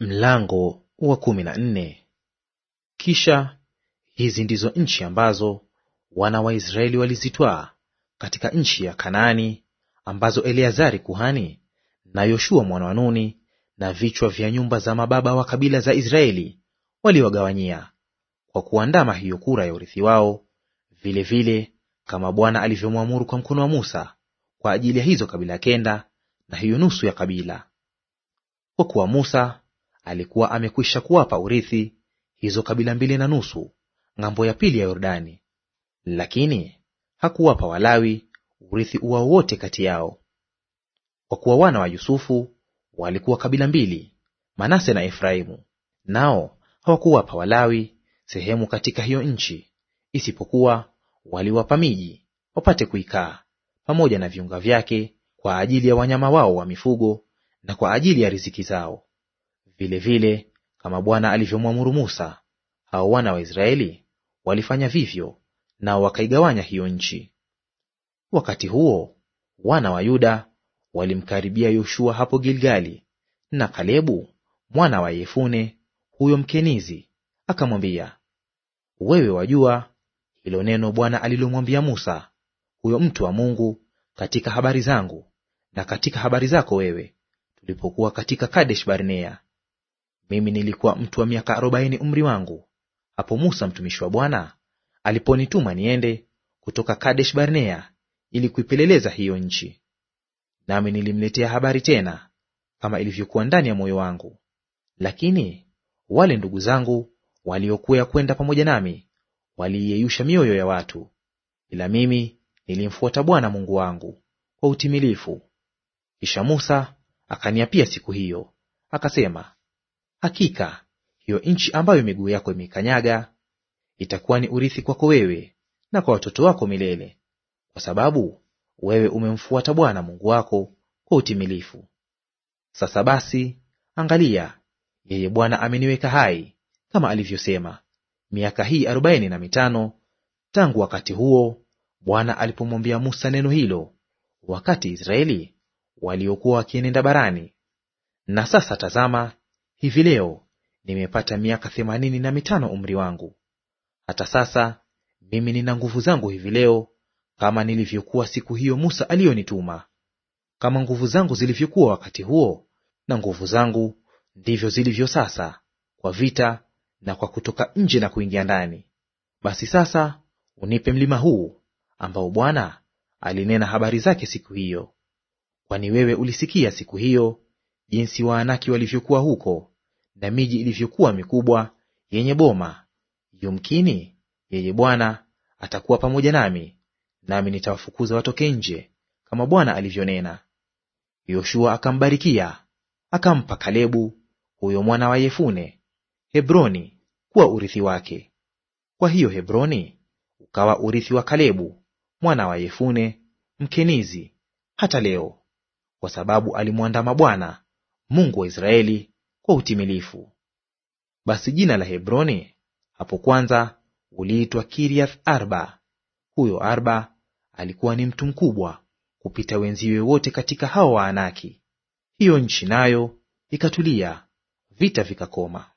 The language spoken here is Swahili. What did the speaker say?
Mlango wa kumi na nne. Kisha hizi ndizo nchi ambazo wana wa Israeli walizitwaa katika nchi ya Kanaani, ambazo Eleazari kuhani na Yoshua mwana wa Nuni na vichwa vya nyumba za mababa wa kabila za Israeli waliwagawanyia kwa kuandama hiyo kura ya urithi wao, vilevile vile, kama Bwana alivyomwamuru kwa mkono wa Musa kwa ajili ya hizo kabila kenda na hiyo nusu ya kabila. Kwa kuwa Musa alikuwa amekwisha kuwapa urithi hizo kabila mbili na nusu ng'ambo ya pili ya Yordani, lakini hakuwapa Walawi urithi uwao wote kati yao, kwa kuwa wana wa Yusufu walikuwa kabila mbili, Manase na Efraimu, nao hawakuwapa Walawi sehemu katika hiyo nchi, isipokuwa waliwapa miji wapate kuikaa pamoja na viunga vyake kwa ajili ya wanyama wao wa mifugo na kwa ajili ya riziki zao. Vile vile kama Bwana alivyomwamuru Musa, hao wana wa Israeli walifanya vivyo, nao wakaigawanya hiyo nchi. Wakati huo wana wa Yuda walimkaribia Yoshua hapo Gilgali, na Kalebu mwana wa Yefune huyo Mkenizi akamwambia, wewe wajua hilo neno Bwana alilomwambia Musa huyo mtu wa Mungu katika habari zangu na katika habari zako wewe, tulipokuwa katika Kadesh Barnea. Mimi nilikuwa mtu wa miaka arobaini umri wangu hapo Musa mtumishi wa Bwana aliponituma niende kutoka Kadesh Barnea ili kuipeleleza hiyo nchi. Nami nilimletea habari tena kama ilivyokuwa ndani ya moyo wangu. Lakini wale ndugu zangu waliokuya kwenda pamoja nami waliiyeyusha mioyo ya watu, ila mimi nilimfuata Bwana Mungu wangu kwa utimilifu. Kisha Musa akaniapia siku hiyo akasema, Hakika hiyo nchi ambayo miguu yako imeikanyaga itakuwa ni urithi kwako wewe na kwa watoto wako milele, kwa sababu wewe umemfuata Bwana Mungu wako kwa utimilifu. Sasa basi, angalia, yeye Bwana ameniweka hai kama alivyosema, miaka hii arobaini na mitano tangu wakati huo Bwana alipomwambia Musa neno hilo, wakati Israeli waliokuwa wakienenda barani. Na sasa tazama, hivi leo nimepata miaka themanini na mitano umri wangu. Hata sasa mimi nina nguvu zangu hivi leo kama nilivyokuwa siku hiyo Musa aliyonituma. Kama nguvu zangu zilivyokuwa wakati huo, na nguvu zangu ndivyo zilivyo sasa, kwa vita na kwa kutoka nje na kuingia ndani. Basi sasa unipe mlima huu ambao Bwana alinena habari zake siku hiyo. Kwani wewe ulisikia siku hiyo jinsi Waanaki walivyokuwa huko na miji ilivyokuwa mikubwa yenye boma, yumkini yeye Bwana atakuwa pamoja nami, nami nitawafukuza watoke nje, kama Bwana alivyonena. Yoshua akambarikia akampa Kalebu huyo mwana wa Yefune Hebroni kuwa urithi wake. Kwa hiyo Hebroni ukawa urithi wa Kalebu mwana wa Yefune Mkenizi hata leo, kwa sababu alimwandama Bwana Mungu wa Israeli kwa utimilifu. Basi jina la Hebroni hapo kwanza uliitwa Kiriath Arba. Huyo Arba alikuwa ni mtu mkubwa kupita wenziwe wote katika hao Waanaki. Hiyo nchi nayo ikatulia, vita vikakoma.